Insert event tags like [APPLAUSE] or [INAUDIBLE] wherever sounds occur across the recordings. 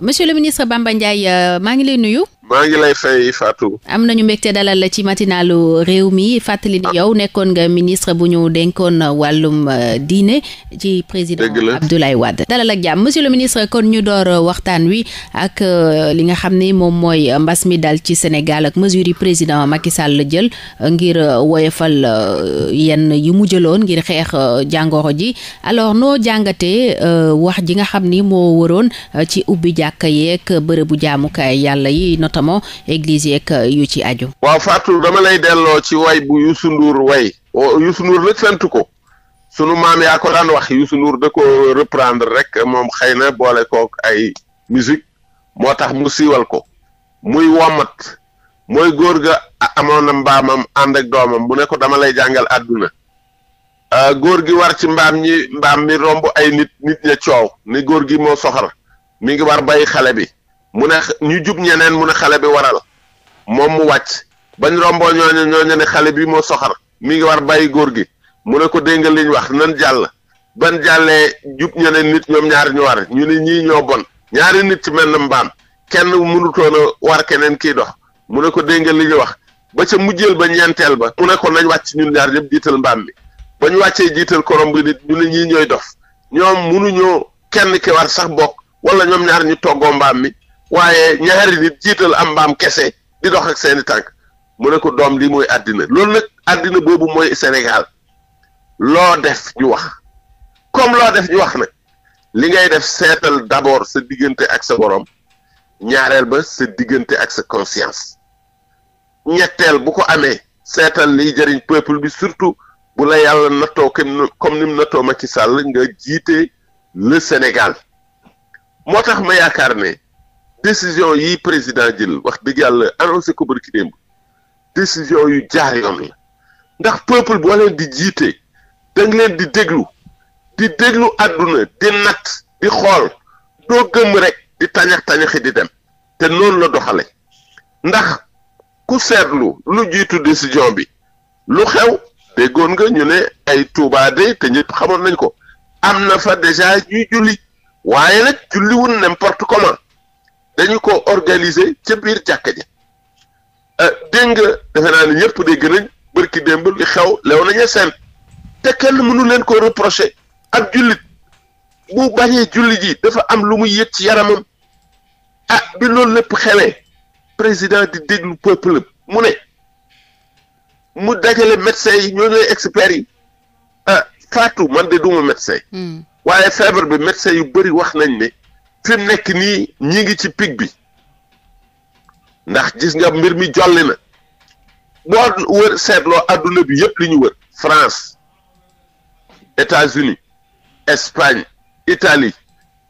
monsieur le ministre Bamba Ndiaye euh, maa ngi lay nuyu. maa ngi lay fay Fatou. am nañu mbégte dalal la ci matinalu réew mi fàttali ni yow nekkoon nga ministre bu ñu dénkoon wàllum euh, diine ci président Abdoulaye Wade. dalal ak jàmm monsieur le ministre kon ñu door euh, waxtaan wi ak euh, li nga xam ni moom mooy mbas mi dal ci Sénégal ak mesure yi président Macky Sall la jël ngir woyofal yenn yi mu jëloon ngir xeex jàngoro ji alors noo jàngatee wax ji nga xam ni moo waroon ci ubbi jàkka yeeg bërëbu jaamukaay yàlla notamment église yeeg euh, yu ci aju. waaw faatu dama lay delloo ci way bu Youssou Ndour way Youssou Ndour nag sant ko sunu maam yaa ko daan wax Youssou Ndour da ko reprendre rek moom xëy na boole kook ay musique moo tax mu siiwal ko muy womat mooy góor ga amoon na mbaamam ànd ak doomam mu ne ko dama lay jàngal àdduna góor gi war ci mbaam ñi mbaam mi romb ay nit nit ña coow ni góor gi moo soxar mi ngi war bàyyi xale bi mu ne ñu jub ñeneen mu ne xale bi waral moom mu wàcc bañ romboo ñooñu ñooñu ne xale bi moo soxar mi ngi war bàyyi góor gi mu ne ko dégg liñ wax nan jàll ban jàllee jub ñeneen nit ñoom ñaari ñu war ñu ne ñii ñoo bon ñaari nit ci mel ne mbaam kenn mënutoon a war keneen kiy dox mu ne ko dégg li ñu wax ba ca mujjeel ba ñeenteel ba mu ne ko nañ wàcc ñun ñaar ñëpp jiital mbaam mi ba ñu wàccee jiital korom bi nit ñu ne ñii ñooy dof ñoom mënuñoo kenn ki war sax bokk wala ñoom ñaar ñu mbaam mi waaye ñaari nit jiital am mbaam kese di dox ak seeni tànk mu ne ko doom lii mooy àddina loolu nag àddina boobu mooy Sénégal loo def ñu wax comme loo def ñu wax nag li ngay def seetal d'abord sa diggante ak sa borom ñaareel ba sa diggante ak sa conscience ñetteel bu ko amee seetal liy jëriñ peuple bi surtout bu la yàlla nattoo comme ni mu nattoo Macky Sall nga jiite le Sénégal moo tax ma yaakaar ne décision yi président jël wax dëgg yàlla annoncé ko bërki démb décision yu jaar yoon la ndax peuple boo leen di jiite da nga leen di déglu di déglu àdduna di natt di xool doo gëm rek di tañax tañaxi di dem te noonu la doxale ndax ku seetlu lu jiitu décision bi lu xew déggoon nga ñu ne ay Touba de te ñëpp xamoon nañ ko am na fa déjà ñuy julli waaye nag julliwul n'importe comment dañu ko organiser ca biir jàkka ja euh, dégg nga defe naa ne ñëpp dégg nañ bërki démb li xew lew nañu seen te kenn mënu leen ko reprocher ak jullit bu bañee julli ji dafa am lu mu yëg ci yaramam ah bi loolu lépp xewee président di déglu peuple mu ne mu dajale médecin yi ñoo ñooy experts yi ah man de duma médecin hmm. waaye feebar bi médecin yu bëri wax nañ ne fi nekk nii ñi ngi ci pic bi ndax gis nga mbir mi jolli na boo wër seetloo adduna bi yëpp li ñu wër France États-Unis itali Italie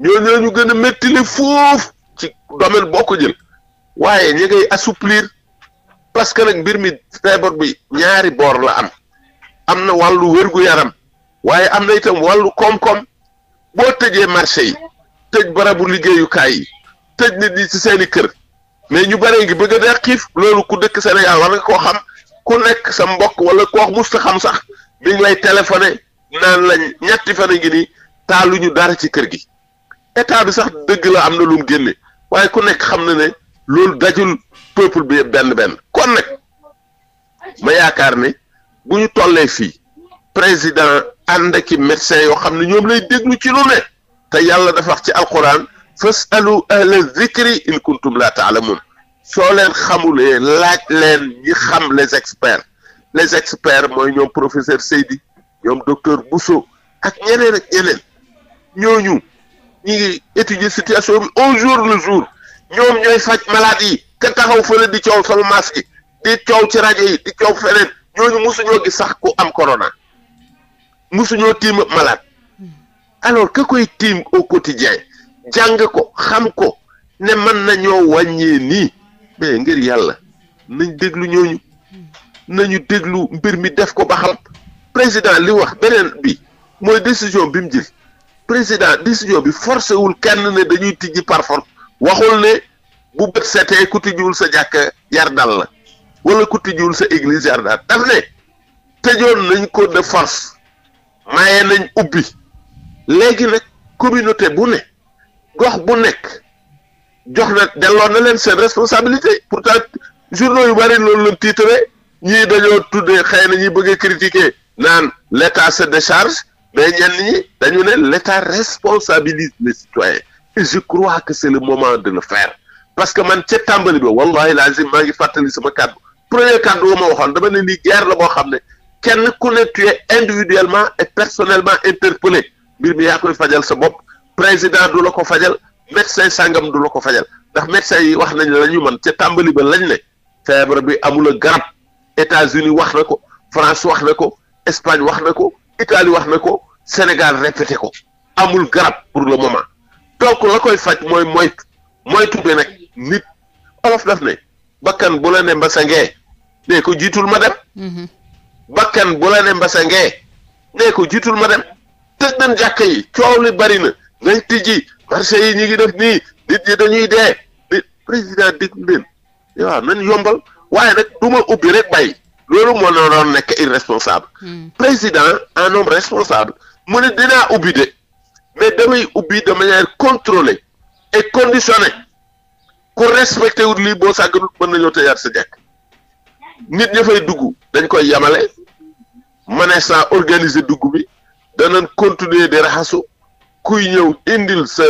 ñoo ñooñu gën a méttile foofu ci domaine boo ko jël waaye ñi ngay assouplir parce que nag mbir mi feebar bi ñaari boor la am am na wàllu wérgu yaram waaye am na itam wàllu koom-koom boo tëjee marché yi tëj barabu liggéeyukaay yi tëj nit ñi ci seeni kër mais ñu bare ngi bëgg a xiif loolu ku dëkk Sénégal war nga koo xam ku nekk sa mbokk wala koo musta xam sax bi ñu lay téléphoné naan la ñetti fan ngi nii taaluñu dara ci kër gi état bi sax dëgg la am na lu mu génne waaye ku nekk xam na ne loolu dajul peuple bi benn benn kon nag ma yaakaar ne bu ñu tollee fii président ànd ak i médecin yoo xam ne ñoom lay déglu ci lu ne te yàlla dafa wax ci alquran fasalu ahla zikri in kuntum la taalamun soo leen xamulee laaj leen ñi xam les experts les experts mooy ñoom professeur Seydi ñoom docteur Bousso ak ñeneen ñeneen ñooñu ñu ngi étudier situation bi au jour le jour ñoom ñooy faj malade yi ka taxaw fële di coow sol masque yi di coow ci rajo yi di coow feneen ñooñu mosuñoo gis sax ku am corona mosuñoo tiim malade. alors que koy tiim au quotidien jàng ko xam ko ne mën nañoo wàññee nii mais ngir yàlla nañ déglu ñooñu nañu déglu mbir mi def ko ba xam président li wax beneen bi mooy décision bi mu jël président décision bi forcé wul kenn ne dañuy tijj par force waxul ne bu bët setee ku tijjiwul sa jàkk yar la wala ku tijjiwul sa église yar dal daf ne tëjoon nañ ko de force maye nañ ubbi léegi nag communauté bu ne gox bu nekk jox na delloon na leen seen responsabilité pourtant journaux yu bari loolu lañ titré ñii dañoo tuddee xëy na ñuy bëggee a critiquer naan l' état se décharge mais ñenn ñi dañu ne l' état responsabilise les citoyens et je crois que le moment de le faire parce que man ca tàmbali ba wallahi lazim maa ngi fàttali sama kàddu premier kàddu ba ma waxoon dama ne lii guerre la boo xam ne kenn ku ne tu es individuellement et personnellement interpellé mbir mi yaa koy fajal sa bopp président du la ko fajal médecin sangam du la ko fajal ndax médecin yi wax na la ñu man ca tambali ba lañ ne feebar bi amul a garab États-Unis wax na ko France wax na ko Espagne wax na ko Italie wax na ko Sénégal répété ko amul garab pour la le moment donc la koy faj mooy moy moytu bi nag nit olof daf ne bakkan bu la ne mbasangee nee ko jiitul ma dem mhm. bakkan bu la ne mbasangee nee ko jiitul ma dem tëj nañ jàkka yi coow li bari na nañ tijji marché yi ñu ngi def nii nit ñi dañuy dee di président dig leen waaw nañ yombal waaye nag du ma ubbi rek bay loolu moo la doon nekk irresponsable hmm. présiden en homme responsable mu ne dinaa ubbi de mais damay ubbi de manière contrôlée et conditionnée ku respecté wut lii boo sàgganul mën nañoo tëjaat sa jàkk nit ña fay dugg dañ koy yamale mënees naa organiser dugg bi danañ continuer di raxasu kuy ñëw indil sa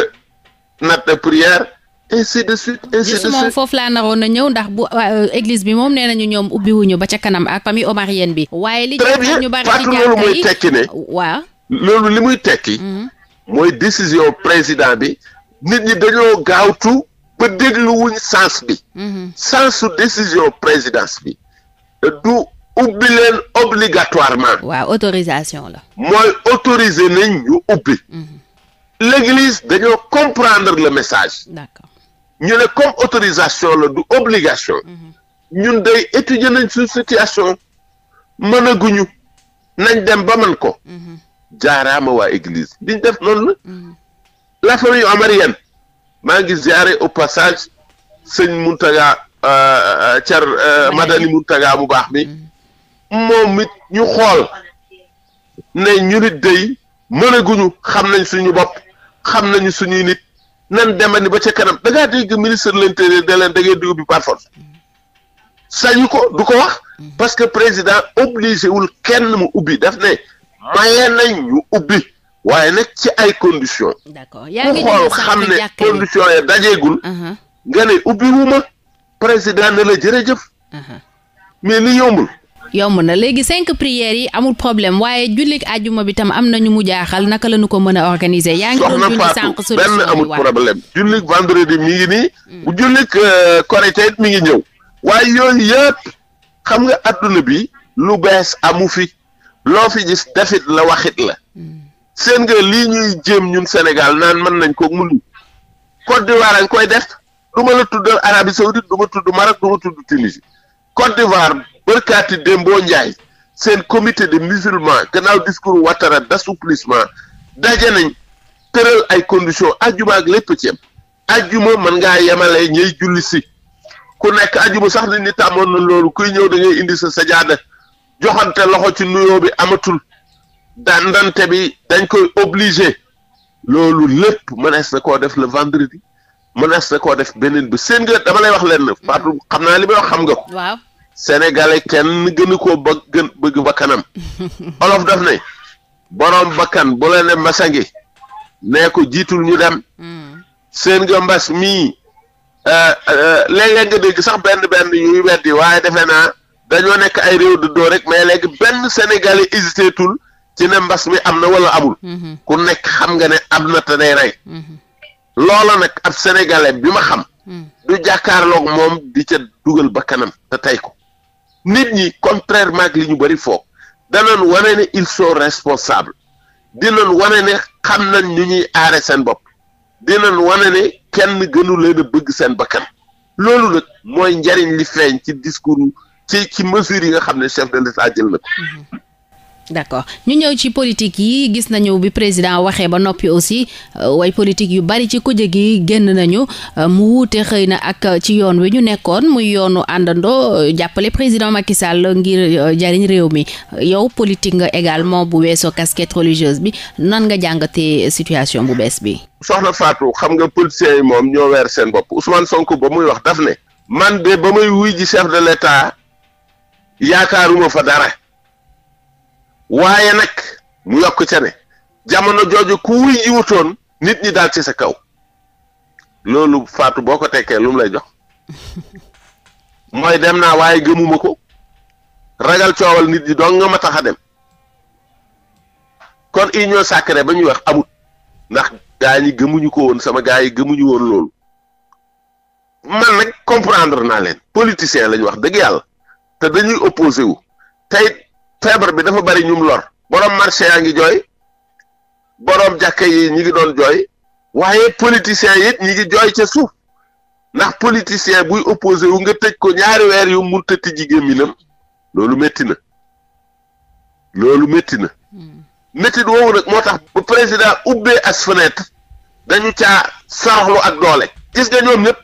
natte prière ainsi de suite ainsi de suite moom foofu laa naroon na ñëw ndax bu euh, église bi moom nee ñu ñoom ubbiwuñu ba ca kanam ak famille omarienne bi waaye li ñu bari ci loolu mooy tekki ne waaw loolu li muy tekki mhm. mooy décision président bi nit ñi dañoo gaawtu ba dégluwuñ sens bi mhm. sensu décision présidence bi ubbi leen obligatoirement. autorisation la. mooy autoriser nañ ñu ubbi. Mhm. l'église dañoo comprendre le message. d'accord ñu ne comme autorisation la du obligation. Mhm. ñun day étudier nañ suñ situation mënaguñu nañ dem ba man ko. Mhm. jaaraama waa église diñ def noonu la. la famille omarienne maa ngi ziare au passage sëñ Mountaga Car euh, euh, euh, Madani Mountaga bu baax mi. moom it ñu xool ne ñu nit day mënaguñu xam nañ suñu bopp xam nañu suñuy nit nan demani ba ca kanam da ngaa dégg ministre de l'intérieur da leen bi par force ko du ko wax parce que président obligé wul kenn mu ubbi daf ne maye nañ ñu ubbi waaye nag ci ay conditions. d'accord yaa ngi xool xam ne conditions ya dajeegul. Uh-huh. nga ne ubbi wu ma président ne la jërëjëf. Uh-huh. mais li yombul. yomb na léegi cinq prières yi amul problème waaye jullik ajuma bi tam am nañu mu jaaxal naka la ko mën a organiser. yaa ngi doon julli sànq solution benn amul problème jullik vendredi mi ngi nii. Hmm. bu jullik euh, korité mi ngi ñëw. waaye yooyu yëpp xam nga adduna bi lu bees amu fi loo fi gis defit la waxit la. Hmm. seen nga lii ñuy jéem ñun Sénégal naan mën nañ ko mënu Côte d'Ivoire a ngi koy def du ma la tuddal Arabie Saoudite du tudd Maroc du ma tudd Tunisie Côte d'Ivoire bërkaati boo Ndiaye seen comité de musulmans gannaaw discours Ouattara d'assouplissement daje nañ tëral ay conditions ajjuma ak lépp ci yem ajjuma mën ngaa yemale ñuy julli si ku nekk ajjuma sax nit ñi tàmmoon na loolu kuy ñëw da indi sa sajaada joxante loxo ci nuyoo bi amatul dandante bi dañ koy obligé loolu lépp mënees na koo def le vendredi mënees na koo def beneen bi seen nga dama lay wax leen Fatou xam naa li may wax xam nga ko. sénégalais kenn gënu koo bëgg bakkanam [LAUGHS] olof daf ne borom bakkan bu la ne masangi nee ko jiitul ñu dem mm. seen nga mbas mii eh, eh, léeg-léeg nga dégg sax benn benn ñuy weddi waaye defe naa dañoo nekk ay réew du rek mais léegi benn sénégalais hésité ci ne mbas mi am na wala amul mm-hmm. ku nekk xam nga ne ab na te day rey mm-hmm. loola nag ab sénégalais bi ma xam mm. du jàkkaarloog moom di ca dugal bakkanam te tey ko nit ñi contrairement ak li ñu bëri foog danoon wane ne ils sont responsables dinoon wane ne xam nañ ñu ñuy aare seen bopp dinoon wane ne kenn gënu leen bëgg seen bakkan loolu nag mooy njariñ li feeñ ci discours ci ci mesure yi nga xam ne chef de l'État jël na d'accord ñu ñëw ci politique yi gis nañu bi président waxee ba noppi aussi euh, way politique yu bari ci kujje gi génn nañu euh, mu wuute xëy na ak euh, ci yoon wi ñu nekkoon muy yoonu àndandoo jàppale président Macky Sall ngir jariñ réew mi yow politique nga également bu weesoo casquette religieuse bi nan nga jàngatee situation bu bees bi. soxna Fatou xam nga politiciens yi moom ñoo weer seen bopp Ousmane Sonko ba muy wax daf ne. man de ba muy wuy chef de l'État yaakaaruma fa dara. waaye nag mu yokk ca ne jamono jooju ku wuy jiwutoon nit ñi daal ci sa kaw loolu faatu boo ko tekkee lu mu lay jox [LAUGHS] mooy dem naa waaye gëmuma ko ragal coowal nit ñi dong nga ma tax a dem kon union sacrée ba ñuy wax amut ndax gaa ñi gëmuñu ko woon sama gaa yi gëmuñu woon loolu man nag comprendre naa leen politicien lañu wax dëgg yàlla te dañuy opposé wu tey feebar bi dafa bari ñum lor borom marché yaa ngi jooy boroom jàkka yi ñi ngi doon jooy waaye politiciens yi ñi ngi jooy ca suuf ndax politicien buy opposé wu nga tëj ko ñaari weer yu mun a tëj gémmiñam loolu métti na loolu métti na métti woowu nag moo tax bu président ubbee as fenêtre dañu caa saraxlu ak doole. gis nga ñoom ñëpp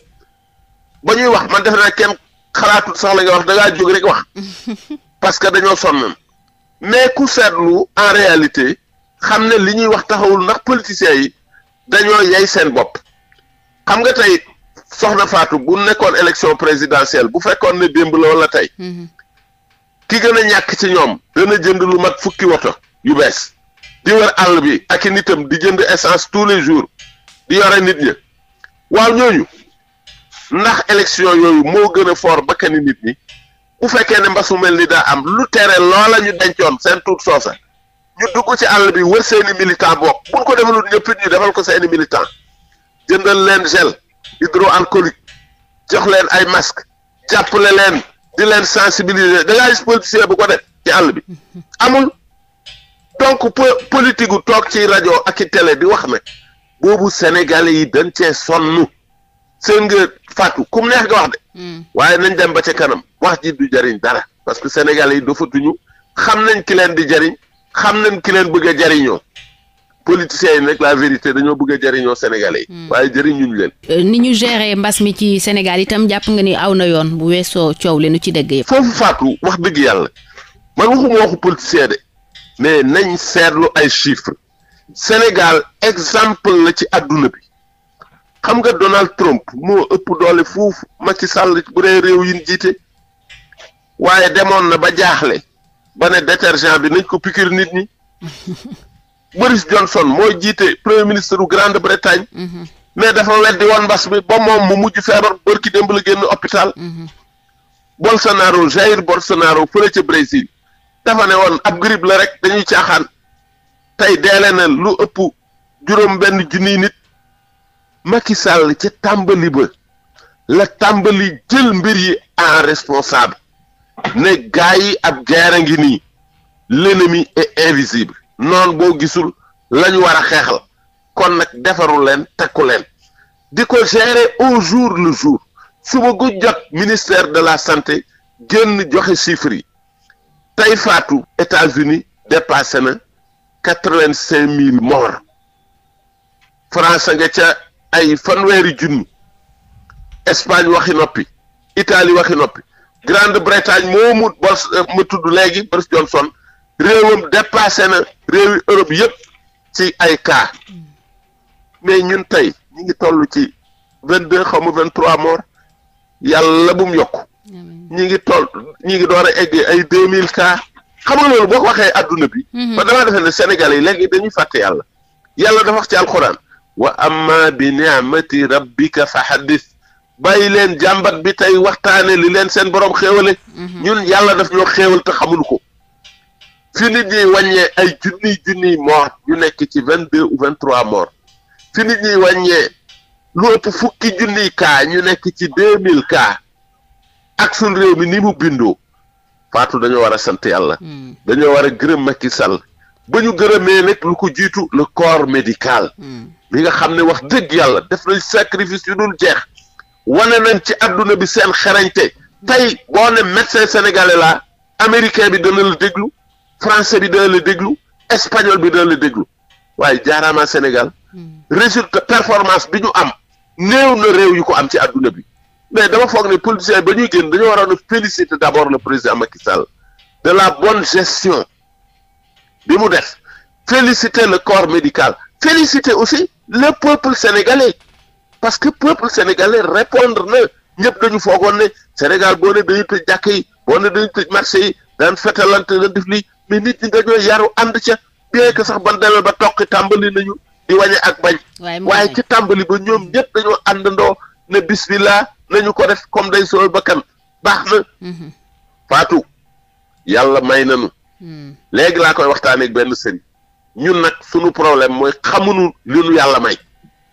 ba ñuy wax man def naa kenn xalaatul sax la nga wax da jóg rek wax [LAUGHS] parce que dañoo sonn. mais ku seetlu en réalité xam ne li ñuy wax taxawul ndax politiciens yi dañoo yey seen bopp xam nga tey soxna Fatou bu nekkoon élection présidentielle bu fekkoon ne démb la wala tey mhm. ki gën a ñàkk ci ñoom dana jënd lu mat fukki woto yu bees di wër àll bi ak i nitam di jënd essence tous les jours di yore nit ñi waaw ñooñu ndax élection yooyu moo gën foor fort bakkani nit ñi bu fekkee ne mbas mu mel ni daa am lu tere loola ñu dencoon seen tuut soosa ñu dugg ci àll bi wër seeni militant bopp buñ ko defalul ñëpp it ñu defal ko seeni militant jëndal leen gel hydroalcoolique jox leen ay masque jàppale leen di leen sensibiliser da ngaa gis bu ko def ci àll bi amul donc politique gu toog ci rajo ak i télé di wax ne boobu sénégalais yi dañ cee sonn seen nga fàttu kum neex nga wax de waaye nañ dem ba ca kanam wax ji du jariñ dara parce que Sénégalais yi dofatuñu xam nañ ki leen di jariñ xam nañ ki leen bëgg a jariñoo politiciens yi nag la vérité dañoo bëgg a jariñoo Sénégalais yi. Hmm. waaye jariñuñ leen. Euh, ni ñu gérer mbas mi ci Sénégal itam jàpp nga ni aw na yoon bu weesoo coow leenu ci dëgg yëpp. foofu Fatou wax dëgg yàlla man waxuma waxu politicien de mais nañ seetlu ay chiffres Sénégal exemple la ci adduna bi. xam nga Donald Trump moo ëpp doole ma ci Sall bu dee réew yi ñu jiite waaye demoon na ba jaaxle ba ne détergent bi nañ ko piqûre nit ñi [LAUGHS] Boris Johnson mooy jiite premier ministre du Grande-Bretagne mhm. mais dafa weddi woon mbas bi ba moom mu mujj feebar bërki démb la génn hôpital mhm. Bolsonaro Jair Bolsonaro fële ca Brésil dafa ne woon ab grippe la rek dañuy caaxaan tey deele na lu ëpp juróom benn junniy nit Macky Sall ca tàmbali ba la tàmbali jël mbir yi en responsable ne gaa yi ab guerre ngi nii l'ennemi est invisible noonu boo gisul lañu ñu war a xeexal kon nag defaru leen tekku di ko gérer au jour le jour suba gu jot ministère de la sante génn joxe chiffres yi tey faatu États-Unis dépassé na quatre-vingt-cinq mille ay fanweeri junni Espagne waxi noppi Italie waxi noppi Grande-Bretagne moomu Boris eh, mu tudd léegi Boris Johnson réewam dépassé na réewi Europe yëpp ci ay cas mais ñun tey ñu ngi toll ci vingt deux xaw ma vingt trois morts yàlla bum yokk ñi ngi toll ñi ngi door a egg ay deux mille cas xam nga loolu boo ko waxee adduna bi. ba mhm. damaa defee ne Sénégal yi léegi dañuy fàtte yàlla yàlla dafa wax ci alxuraan. wa amma bi ni'mati rabbika fa xaddis bàyyi leen jàmbat bi tey waxtaane li leen seen borom xéewale mhm. ñun yàlla def ñoo xéewal te xamul ko fi nit ñuy wàññee ay junniy junniy mort ñu nekk ci vingt deux ou vingt trois mort fi nit ñuy wàññee lu fukki junniy cas ñu nekk ci deux mille ak suñ réew mi ni mu bindoo Fatou dañoo war a sant yàlla hmm. dañoo war a gërëm Sall ba ñu gërëmee nag lu ko jiitu le corps médical hmm. ñi nga xam ne wax dégg yàlla def nañ sacrifice yu dul jeex wane nañ ci adduna bi seen xarañte tey boo ne médecin sénégalais la américain bi dana la déglu français bi dana la déglu espagnol bi dana la déglu waaye jaaraama Sénégal hmm. résultat performance bi ñu am néew na réew yu ko am ci adduna bi mais dama foog ne politicien ba ñuy génn dañoo waroon a féliciter d'abord le président Macky Sall de la bonne gestion bi mu def féliciter le corps médical féliciter aussi le peuple sénégalais parce que peuple sénégalais répondre na ñëpp dañu foogoon ne Sénégal boo ne dañuy tëj jàkk yi boo ne dañuy tëj marché yi daan fetalante daan def lii mais nit ñi dañoo yaru ànd ca bien que sax ban ba toqi tàmbali nañu di wañe ak bañ waaye ci tàmbali ba ñoom mm-hmm. ñëpp dañoo àndandoo ne bismillah nañu ko def comme day sooy bakkan baax na mm-hmm. faatu yàlla may nanu mm-hmm. léegi laa koy waxtaanee ak benn sëriñ ñun nag suñu problème mooy xamuñu li nu yàlla may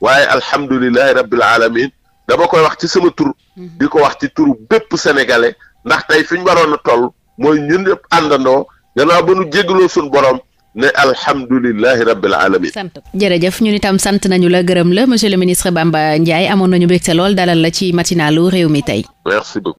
waaye alhamdulilahi rabbil alamin dama koy wax ci sama tur mhm. di ko wax ci turu bépp sénégalais ndax tey fi ñu waroon a toll mooy ñun yëpp àndandoo gannaaw ba nu jégaloo suñu borom ne alhamdulilahi rabbil alamin sant jërëjëf ñun itam sant nañu la gërëm la monsieur le ministre Bamba Ndiaye amoon nañu mbégte lool dalal la ci matinalu réew mi tey